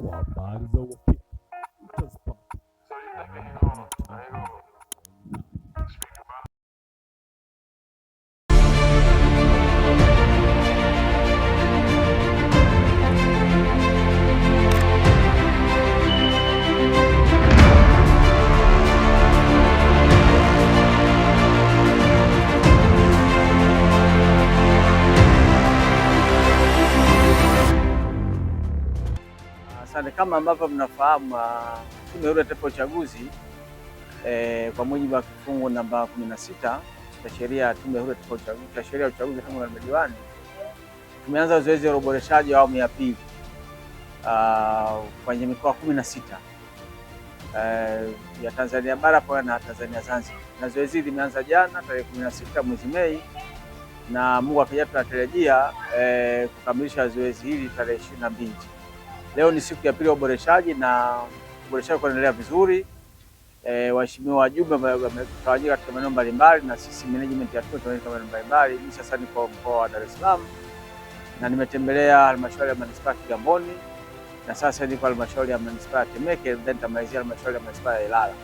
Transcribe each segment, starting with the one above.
com a Asante. Kama ambavyo mnafahamu ah, Tume Huru ya Taifa ya Uchaguzi eh, kwa mujibu wa kifungu namba kumi na sita cha sheria ya Tume Huru ya Sheria ya Uchaguzi na Madiwani, tumeanza zoezi la uboreshaji wa awamu ya pili ah, kwenye mikoa kumi na sita uh, ya Tanzania bara pamoja na Tanzania Zanzibar, na zoezi hili limeanza jana tarehe kumi na sita mwezi Mei na Mungu akija tunatarajia eh, kukamilisha zoezi hili tarehe ishirini na mbili. Leo ni siku ya pili ya uboreshaji na uboreshaji kuendelea vizuri. E, waheshimiwa wajumbe wametawanyika katika maeneo mbalimbali na sisi management ya tume tunaweka maeneo mbalimbali. Mimi sasa niko mkoa wa Dar es Salaam na nimetembelea halmashauri ya manispaa ya Kigamboni na sasa niko halmashauri ya manispaa ya Temeke, then nitamalizia halmashauri ya manispaa ya Ilala.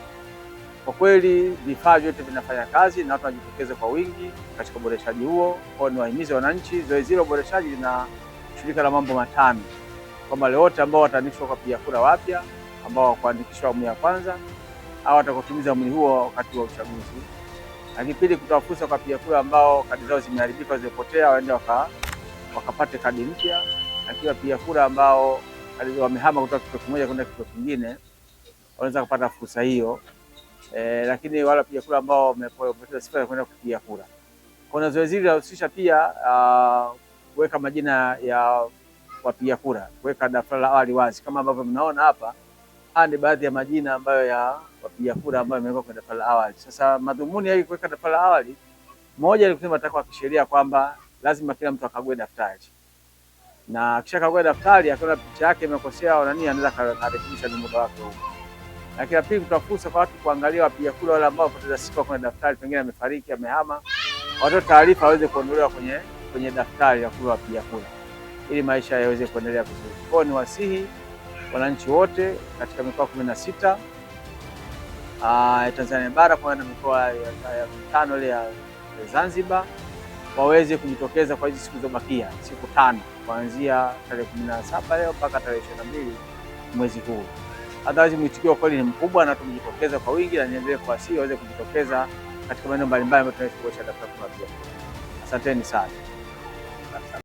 Kwa kweli vifaa vyote vinafanya kazi na watu wanajitokeza kwa wingi katika uboreshaji huo. Kwa hiyo niwahimize wananchi, zoezi la uboreshaji lina shirika la mambo matano kwa wale wote ambao wataandikishwa kwa piga kura wapya ambao wakuandikishwa awamu ya kwanza au watakotumiza mwili huo wakati wa uchaguzi, lakini pili, kutoa fursa kwa piga kura ambao kadi zao zimeharibika zimepotea, waende waka, wakapate kadi mpya, lakini wapiga kura ambao wamehama kutoka kituo kimoja kwenda kituo kingine wanaweza kupata fursa hiyo. E, lakini wale wapiga kura ambao wamepoteza sifa ya kwenda kupiga kura, kuna zoezi hili linahusisha pia kuweka majina ya wapiga kura, kuweka daftari la awali wazi kama ambavyo mnaona hapa. Haya ni baadhi ya majina ambayo ya wapiga kura ambayo yamewekwa kwenye daftari la awali. Sasa madhumuni ya kuweka daftari la awali, moja ni kusema takwa kisheria kwamba lazima kila mtu akague daftari na kisha kagua daftari akiona picha yake imekosea au nani, anaweza karekebisha ni wake huko. Na kila pili, kutoa fursa kwa watu kuangalia wapiga kura wale ambao wapoteza siku kwenye daftari, pengine amefariki, amehama, watoe taarifa waweze kuondolewa kwenye kwenye daftari ya kura wapiga kura ili maisha yaweze kuendelea vizuri. Kwa ni wasihi wananchi wote katika mikoa kumi na sita ah, ya Tanzania bara pamoja na mikoa ya mitano ile ya Zanzibar waweze kujitokeza kwa hizi siku zilizobakia, siku tano kuanzia tarehe kumi na saba leo mpaka tarehe ishirini na mbili mwezi huu. Hatawazi mwitikio kweli ni mkubwa, na tumejitokeza kwa wingi, na niendelee kuwasihi waweze kujitokeza katika maeneo mbalimbali ambayo tunaishi kuboresha Asanteni sana.